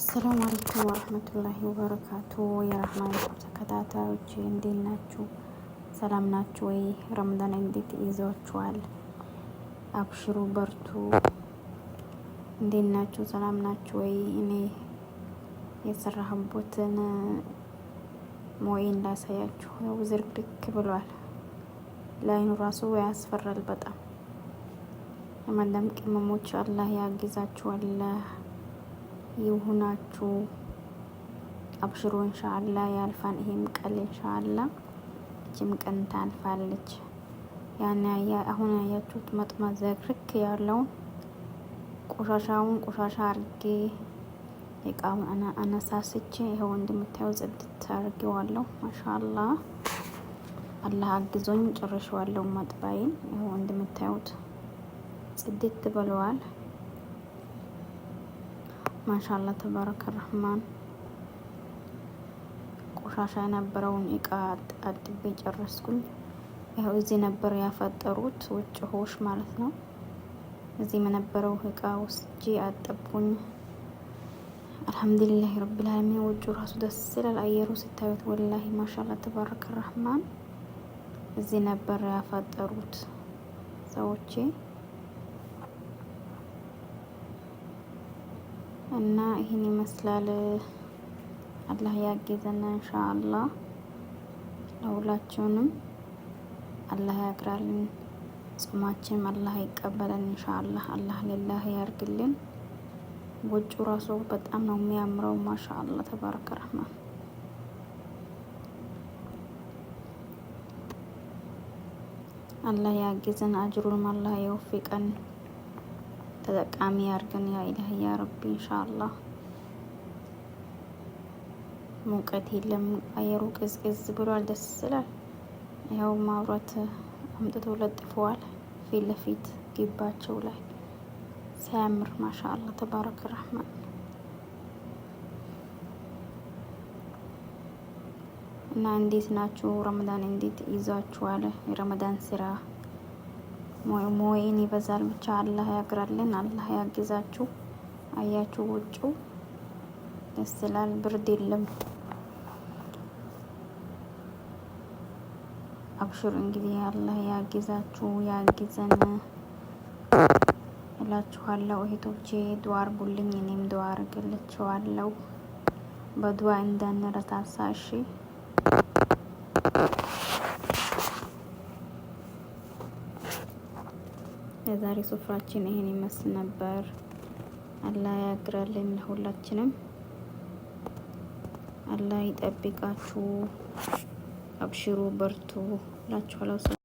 አሰላሙ አለይኩም ወረህመቱላሂ ወበረካቱ። የረህማን ተከታታዮች እንዴት ናችሁ? ሰላም ናችሁ ወይ? ረመዳን እንዴት ይዟችኋል? አብሽሩ በርቱ። እንዴት ናችሁ? ሰላም ናችሁ ወይ? እኔ የሰራሁበትን ሞይን ላሳያችሁ። ያው ዝርክርክ ብሏል። ላይኑ ራሱ ያስፈራል በጣም። የመዳም ቅመሞች አላህ ያግዛችኋል። ይሁናችሁ። አብሽሮ እንሻአላ ያልፋል። ይሄም ቀን እንሻአላ እችም ቀን ታልፋለች። ያን አሁን ያያችሁት መጥማት ዘግርክ ያለውን ቆሻሻውን ቆሻሻ አርጌ እቃውን አነሳስቼ ይኸው እንደምታየው ጽድት አርጌዋለሁ። ማሻአላ አላህ አግዞኝ ጨርሼዋለሁ። መጥባይን ይኸው እንደምታዩት ጽድት ብለዋል። ማሻላ ተባረከ ረህማን ቆሻሻ የነበረውን እቃ አጥቤ ጨረስኩኝ። ያው እዚህ ነበር ያፈጠሩት ውጭ ሆሽ ማለት ነው። እዚህ የነበረው እቃ ውስጄ አጠብኩኝ። አልሐምዱሊላህ ረብል ዓለሚን። ውጭ ራሱ ደስ ይላል አየሩ ስታዩት፣ ወላሂ ማሻላ ተባረከ ረህማን። እዚህ ነበር ያፈጠሩት ሰዎቼ እና ይህን ይመስላል። አላህ ያግዘን እንሻአላ ለሁላችሁንም አላህ ያግራልን፣ ጾማችንም አላህ ይቀበለን ኢንሻአላህ። አላህ ለላህ ያርግልን። ወጩ ራሱ በጣም ነው የሚያምረው። ማሻአላህ ተባረከ ረህማን። አላህ ያግዘን፣ አጅሩንም አላህ ይወፍቀን። ተጠቃሚ ያርገን። ያ ኢላህ ያ ረቢ ኢንሻአላህ። ሙቀት የለም፣ አየሩ ቅዝቅዝ ብሏል። ደስ ስላል ያው ማብራት አምጥቶ ለጥፈዋል ፊት ለፊት ግባቸው ላይ ሲያምር ማሻአላህ ተባረከ ረህማን። እና እንዴት ናችሁ? ረመዳን እንዴት ይዟችኋል? የረመዳን ስራ ሞይን ይበዛል። ብቻ አላህ ያግራልን፣ አላህ ያግዛችሁ። አያችሁ ውጭው ደስ ይላል፣ ብርድ የለም። አብሽር እንግዲህ አላህ ያግዛችሁ፣ ያግዘን እላችኋለሁ። እህቶቼ ዱዓ አርጉልኝ፣ እኔም ዱዓ አርግላችኋለሁ። በዱዓ እንዳንረታሳ እሺ። የዛሬ ሱፍራችን ይሄን ይመስል ነበር። አላህ ያግራልን ሁላችንም፣ አላህ ይጠብቃችሁ። አብሽሩ፣ በርቱ ላችኋለሁ።